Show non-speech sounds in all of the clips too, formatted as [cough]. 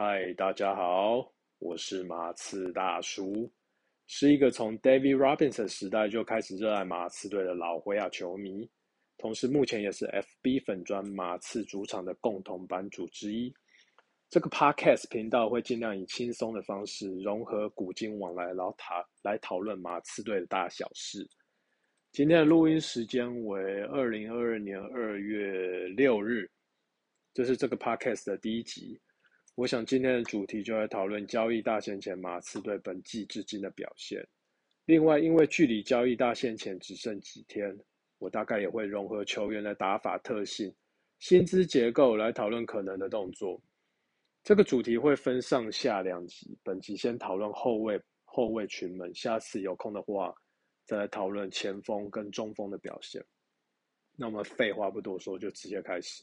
嗨，Hi，大家好，我是馬刺大叔，是一個從 David Robinson 時代就開始熱愛馬刺隊的老灰亞球迷，同時目前也是 FB 粉專馬刺主場的共同版主之一。這個 Podcast 頻道會盡量以輕鬆的方式融合古今往來，然後討來討論馬刺隊的大小事。今天的錄音時間為二零二二年二月六日，這是這個 Podcast 的第一集。我想今天的主題就來討論交易大限前馬刺隊本季至今的表現。另外，因為距離交易大限前只剩幾天，我大概也會融合球員的打法特性、薪資結構來討論可能的動作。這個主題會分上下兩集，本集先討論後衛、後衛群們，下次有空的話再來討論前鋒跟中鋒的表現。那麼廢話不多說，就直接開始。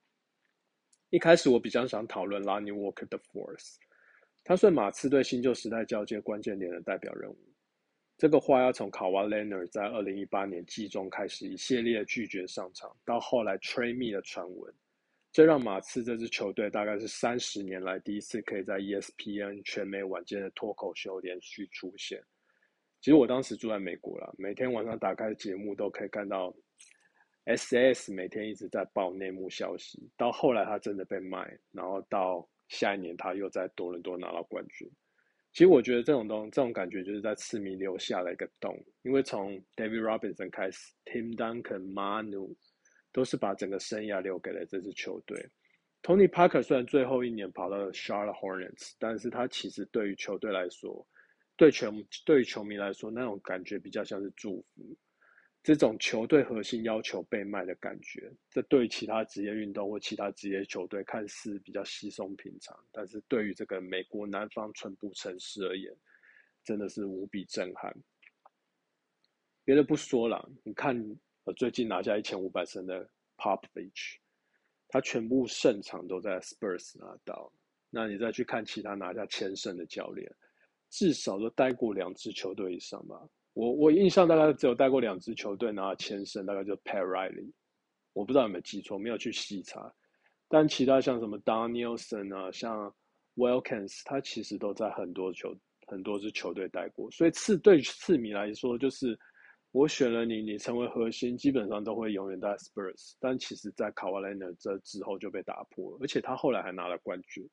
一開始我比較想討論 Lonnie Walker 的 force，他算馬刺隊新舊時代交接關鍵點的代表人物。這個話要從 Kawhi Leonard 在二零一八年季中開始一系列拒絕上場，到後來 trade me 的傳聞，這讓馬刺這支球隊大概是三十年來第一次可以在 ESPN 全美晚間的脫口秀連續出現。其實我當時住在美國了，每天晚上打開節目都可以看到。SAS 每天一直在報內幕消息，到後來他真的被賣，然後到下一年他又在多倫多拿到冠軍。其實我覺得這種東，這種感覺就是在刺迷留下了一個洞，因為從 David Robinson 開始，Tim Duncan、Manu 都是把整個生涯留給了這支球隊。Tony Parker 雖然最後一年跑到了 Charlotte Hornets，但是他其實對於球隊來說，對球，對於球迷來說，那種感覺比較像是祝福。這種球隊核心要求被賣的感覺，這對其他職業運動或其他職業球隊看似比較稀鬆平常，但是對於這個美國南方純樸城市而言，真的是無比震撼。別的不說了，你看我最近拿下一千五百勝的 Popovich，它全部勝場都在 Spurs 拿到。那你再去看其他拿下千勝的教練，至少都待過兩支球隊以上吧。我我印象大概只有帶過兩支球隊拿了千勝，前身大概就 Pat Riley，我不知道有沒有記錯，沒有去細查。但其他像什麼 Don Nelson 啊，像 Wilkins，他其實都在很多球很多支球隊帶過。所以刺對刺迷來說，就是我選了你，你成為核心，基本上都會永遠帶 Spurs。但其實，在 Kawhi Leonard 這之後就被打破了，而且他後來還拿了冠軍。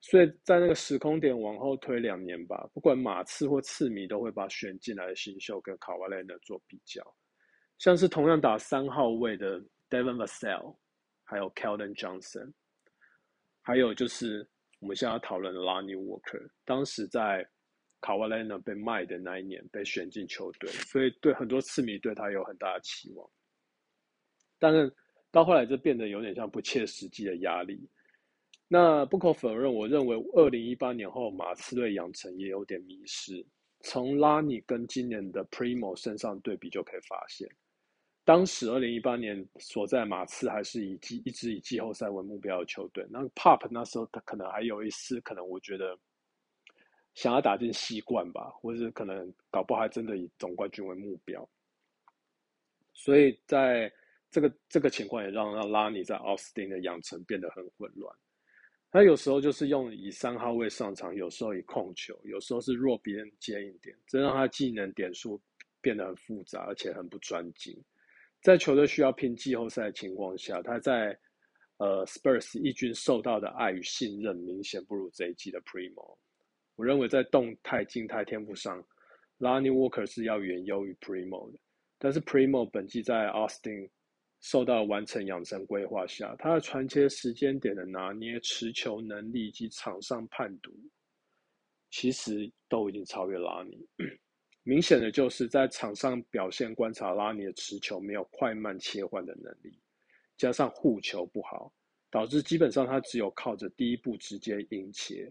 所以在那個時空點往後推兩年吧，不管馬刺或刺迷，都會把選進來的新秀跟卡瓦萊納做比較，像是同樣打三號位的 Devin Vassell，還有 Keldon Johnson，還有就是我們現在要討論的 Lonnie Walker，當時在卡瓦萊納被賣的那一年被選進球隊，所以對很多刺迷對他有很大的期望，但是到後來就變得有點像不切實際的壓力。那不可否認，我認為二零一八年後馬刺隊養成也有點迷失。從拉尼跟今年的 Primo 身上對比就可以發現，當時二零一八年所在馬刺還是以季一直以季後賽為目標的球隊。那 Pop 那時候他可能還有一絲可能，我覺得想要打進西冠吧，或者可能搞不好還真的以總冠軍為目標。所以在這個這個情況也讓讓拉尼在奧斯汀的養成變得很混亂。他有時候就是用以三號位上場，有時候以控球，有時候是弱邊接應一點，這讓他技能點數變得很複雜，而且很不專精。在球隊需要拼季後賽的情況下，他在呃 Spurs 一軍受到的愛與信任明顯不如這一季的 Primo。我認為在動態、靜態、天賦上，Lonnie Walker 是要遠優於 Primo 的，但是 Primo 本季在 Austin。受到完成養成規劃下，他的傳切時間點的拿捏、持球能力以及場上判讀，其實都已經超越拉尼。 [coughs] 明顯的就是在場上表現觀察拉尼的持球，沒有快慢切換的能力，加上護球不好，導致基本上他只有靠着第一步直接迎切。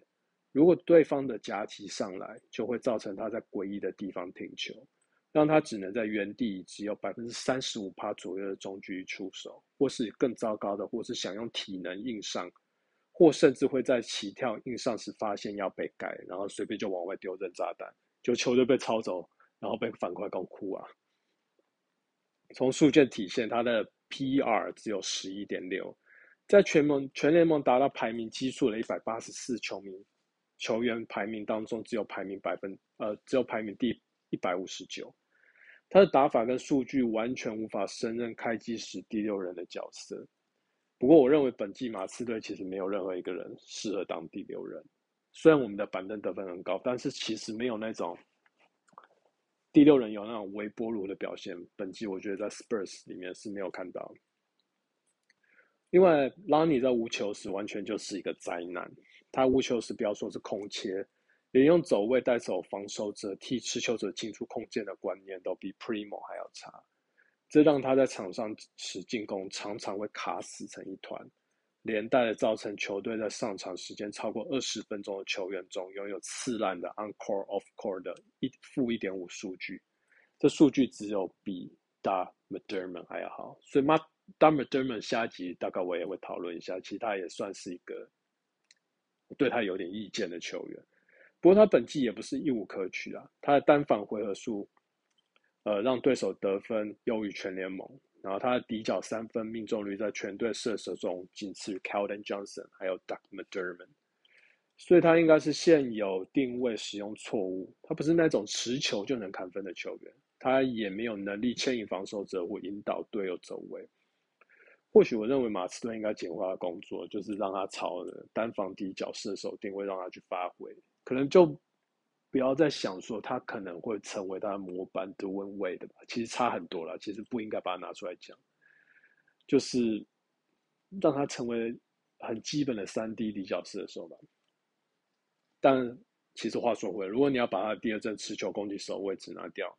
如果對方的夾擊上來，就會造成他在詭異的地方停球。讓他只能在原地只有百分之三十五左右的中距離出手，或是更糟糕的，或是想用體能硬上，或甚至會在起跳硬上時發現要被蓋，然後隨便就往外丟扔炸彈，就球就被抄走，然後被反快攻哭啊！從數據體現，他的 PER 只有十一點六，在全盟全聯盟達到排名基數的一百八十四球員球員排名當中，只有排名百分呃，只有排名第。一百五十九，他的打法跟數據完全無法勝任開機時第六人的角色。不過，我認為本季馬刺隊其實沒有任何一個人適合當第六人。雖然我們的板凳得分很高，但是其實沒有那種第六人有那種微波爐的表現。本季我覺得在 Spurs 裡面是沒有看到的。另外，拉尼在無球時完全就是一個災難。他無球時不要說是空切。連用走位帶走防守者，替持球者清除空間的觀念都比 Primo 還要差，這讓他在場上時進攻常常會卡死成一團，連帶的造成球隊在上場時間超過二十分鐘的球員中，擁有次爛的 On Court Off Court 的一負一點五數據。這數據只有比 McDermott 還要好，所以 McDermott 下一集大概我也會討論一下。其他也算是一個對他有點意見的球員。不過他本季也不是一無可取啊，他的單防回合數，呃，讓對手得分優於全聯盟。然後他的底角三分命中率在全隊射手中僅次於 Keldon Johnson，還有 Doug McDermott。所以他應該是現有定位使用錯誤。他不是那種持球就能砍分的球員，他也沒有能力牽引防守者或引導隊友走位。或許我認為馬刺隊應該簡化工作，就是讓他朝單防底角射手定位，讓他去發揮，可能就不要再想說他可能會成為他的模板，Dwyane Wade 的吧。其實差很多了，其實不應該把他拿出來講，就是讓他成為很基本的三 D 底角射手吧。但其實話說回來，如果你要把他的第二陣持球攻擊手位置拿掉，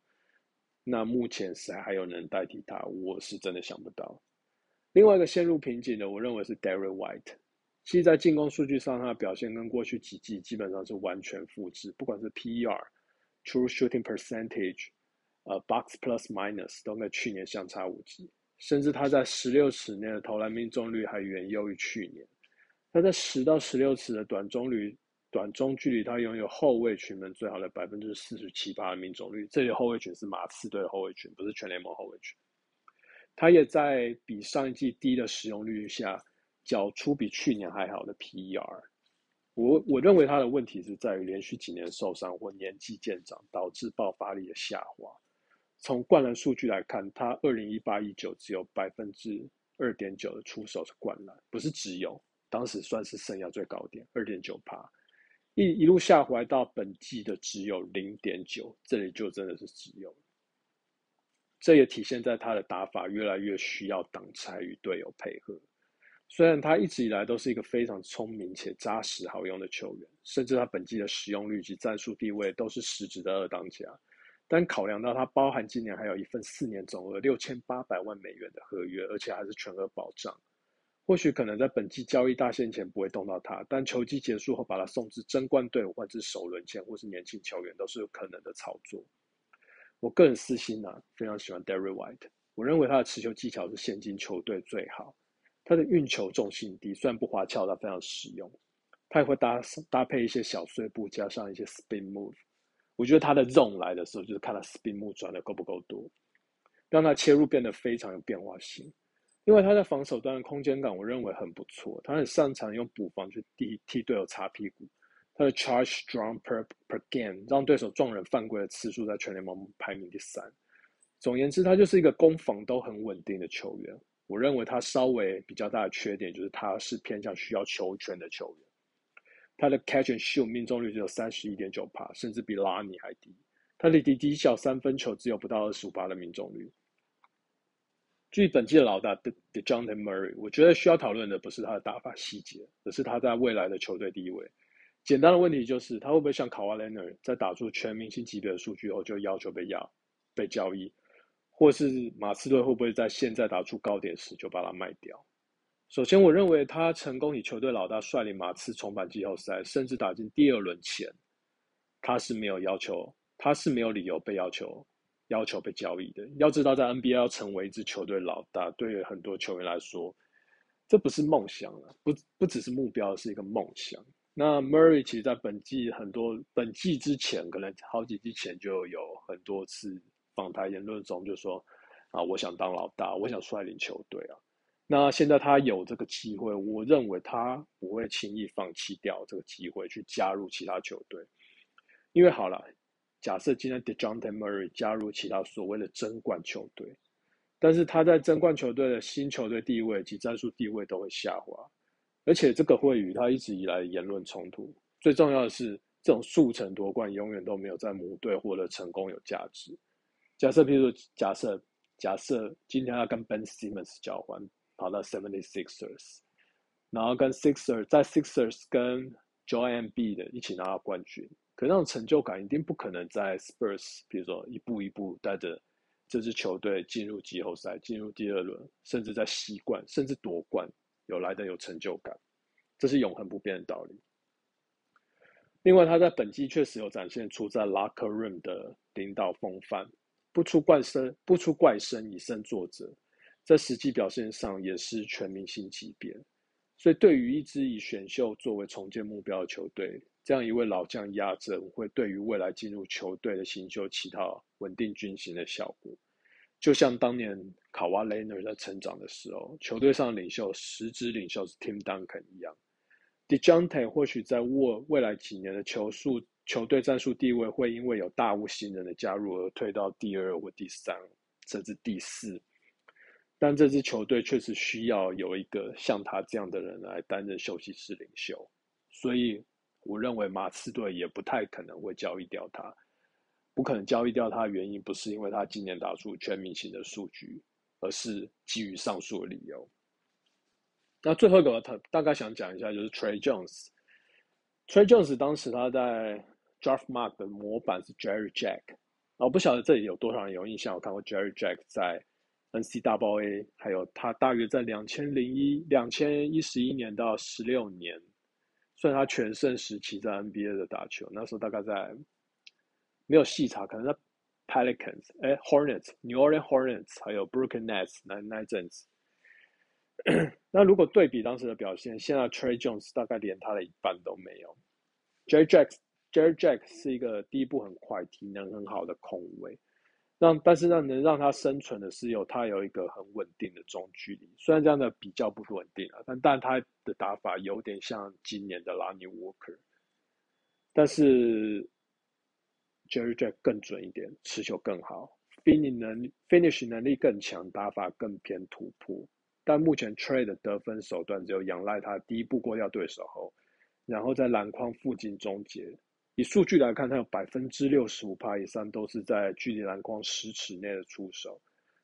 那目前誰還有能代替他？我是真的想不到。另外一個陷入瓶頸的，我認為是 Derrick White。其實，在進攻數據上，他的表現跟過去幾季基本上是完全複製，不管是 PER、True Shooting Percentage、uh,、呃 Box Plus Minus，都跟去年相差無幾。甚至他在十六尺內的投籃命中率還遠優於去年。他在十到十六尺的短中距離，短中距離他擁有後衛群們最好的百分之四十七八的命中率。這裡的後衛群是馬刺隊的後衛群，不是全聯盟後衛群。他也在比上一季低的使用率下，繳出比去年還好的 PER。我我認為他的問題是在於連續幾年受傷或年紀漸長，導致爆發力的下滑。從灌籃數據來看，他二零一八一九只有百分之二點九的出手是灌籃，不是只有。當時算是生涯最高點，二點九趴，一一路下滑到本季的只有零點九，這裡就真的是只有。這也體現在他的打法越來越需要擋拆與隊友配合。雖然他一直以來都是一個非常聰明且紮實好用的球員，甚至他本季的使用率及戰術地位都是實質的二當家，但考量到他包含今年還有一份四年總額六千八百萬美元的合約，而且還是全額保障，或許可能在本季交易大限前不會動到他，但球季結束後把他送至爭冠隊伍或者是首輪簽或是年輕球員都是有可能的操作。我個人私心啊，非常喜歡 Derrick White。我認為他的持球技巧是現今球隊最好，他的運球重心低，雖然不花俏，但非常實用。他也會搭搭配一些小碎步，加上一些 spin move。我覺得他的 zone 來的時候，就是看他 spin move 轉的夠不夠多，讓他切入變得非常有變化性。另外，他在防守端的空間感，我認為很不錯。他很擅長用補防去替替隊友擦屁股。他的 charge strong per per game，讓對手撞人犯規的次數在全聯盟排名第三。總言之，他就是一個攻防都很穩定的球員。我認為他稍微比較大的缺點就是他是偏向需要球權的球員。他的 catch and shoot 命中率只有三十一點九帕，甚至比拉尼還低。他的低低效三分球只有不到二十五帕的命中率。至於本季的老大的 e h Dejounte Murray，我覺得需要討論的不是他的打法細節，而是他在未來的球隊地位。簡單的問題就是，他會不會像 Kawhi Leonard 在打出全明星級別的數據後就要求被壓、被交易，或是馬刺隊會不會在現在打出高點時就把他賣掉？首先，我認為他成功以球隊老大率領馬刺重返季後賽，甚至打進第二輪前，他是沒有要求，他是沒有理由被要求要求被交易的。要知道，在 NBA 要成為一支球隊老大，對於很多球員來說，這不是夢想了，不不只是目標，是一個夢想。那 Murray 其實在本季很多，本季之前可能好幾季前就有很多次訪談言論中就說，啊，我想當老大，我想率領球隊啊。那現在他有這個機會，我認為他不會輕易放棄掉這個機會去加入其他球隊。因為好了，假設今天 Dejounte Murray 加入其他所謂的爭冠球隊，但是他在爭冠球隊的新球隊地位及戰術地位都會下滑。而且這個會與他一直以來的言論衝突。最重要的是，這種速成奪冠永遠都沒有在母隊獲得成功有價值。假設說，譬如假設假設今天他跟 Ben Simmons 交換，跑到 76ers，然後跟 Sixers，在 Sixers 跟 Joel Embiid 一起拿到冠軍，可那種成就感一定不可能在 Spurs。比如說一步一步帶着這支球隊進入季後賽，進入第二輪，甚至在習慣，甚至奪冠。有來的有成就感，這是永恆不變的道理。另外，他在本季確實有展現出在 Locker Room 的領導風範，不出怪聲，不出怪聲，以身作則，在實際表現上也是全明星級別。所以，對於一支以選秀作為重建目標的球隊，這樣一位老將壓陣，會對於未來進入球隊的新秀起到穩定軍心的效果。就像當年卡瓦雷諾在成長的時候，球隊上的領袖、實質領袖是 Tim Duncan 一樣，Dejounte 或許在未未來幾年的球速，球隊戰術地位會因為有大物新人的加入而退到第二或第三，甚至第四。但這支球隊確實需要有一個像他這樣的人來擔任休息室領袖，所以我認為馬刺隊也不太可能會交易掉他。不可能交易掉他的原因不是因為他今年打出全明星的數據，而是基於上述的理由。那最後一個，他大概想講一下，就是 Trey Jones。Trey Jones 當時他在 Draft Mark 的模板是 Jerry Jack。我不曉得這裡有多少人有印象，我看過 Jerry Jack 在 NCAA，還有他大約在兩千零一兩千一十一年到十六年，算他全盛時期在 NBA 的打球。那時候大概在。沒有細查，可能在 Pelicans，哎，Hornets，New Orleans Hornets，還有 Brooklyn Nets，那那陣子 [coughs] 那如果對比當時的表現，現在 Trey Jones 大概連他的一半都沒有。Jarrett Jack，Jarrett Jack 是一個第一步很快、體能很好的控衛，讓但是讓能讓他生存的是有他有一個很穩定的中距離，雖然這樣的比較不穩定啊，但但他的打法有點像今年的 Lonnie Walker，但是。Jerry Jack 更準一點，持球更好，比你能，finish 能力更強，打法更偏突破。但目前 Trey 的得分手段只有仰賴他第一步過掉對手後，然後在籃筐附近終結。以數據來看，他有百分之六十五趴以上都是在距離籃筐十尺內的出手，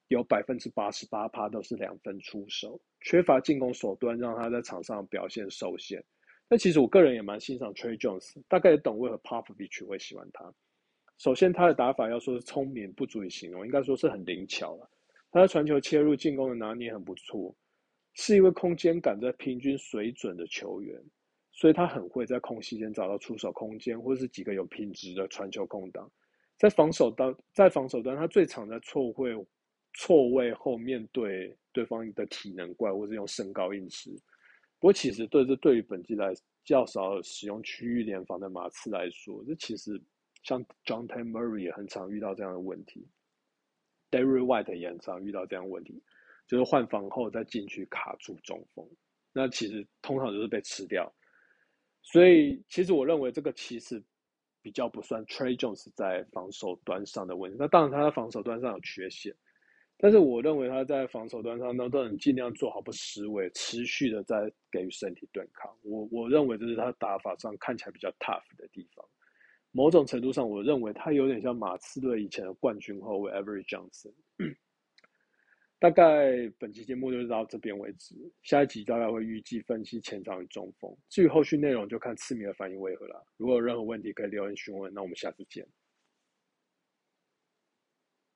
有百分之八十八趴都是兩分出手，缺乏進攻手段，讓他在場上表現受限。但其實我個人也蠻欣賞 Trey Jones，大概也懂為何 Popovich 會喜歡他。首先，他的打法要說是聰明不足以形容，應該說是很靈巧了、啊。他的傳球切入進攻的拿捏很不錯，是因為空間感在平均水準的球員，所以他很會在空隙間找到出手空間，或是幾個有品質的傳球空檔。在防守端，在防守端，他最常在錯位錯位後面對對方的體能怪，或是用身高硬吃。不過，其實對這對於本季來較少使用區域聯防的馬刺來說，這其實。像 Dejounte Murray 也很常遇到這樣的問題，Derrick White 也很常遇到這樣的問題，就是換防後再進去卡住中鋒，那其實通常就是被吃掉。所以，其實我認為這個其實比較不算 Trey Jones 在防守端上的問題。那當然，他在防守端上有缺陷，但是我認為他在防守端上都都能盡量做好不失位，持續的在給予身體對抗。我我認為這是他打法上看起來比較 tough 的地方。某種程度上，我認為他有點像馬刺隊以前的冠軍後衛 Avery Johnson，嗯。大概本期節目就到這邊為止，下一集大概會預計分析前場與中鋒。至於後續內容，就看次米的反應為何了。如果有任何問題，可以留言詢問。那我們下次見。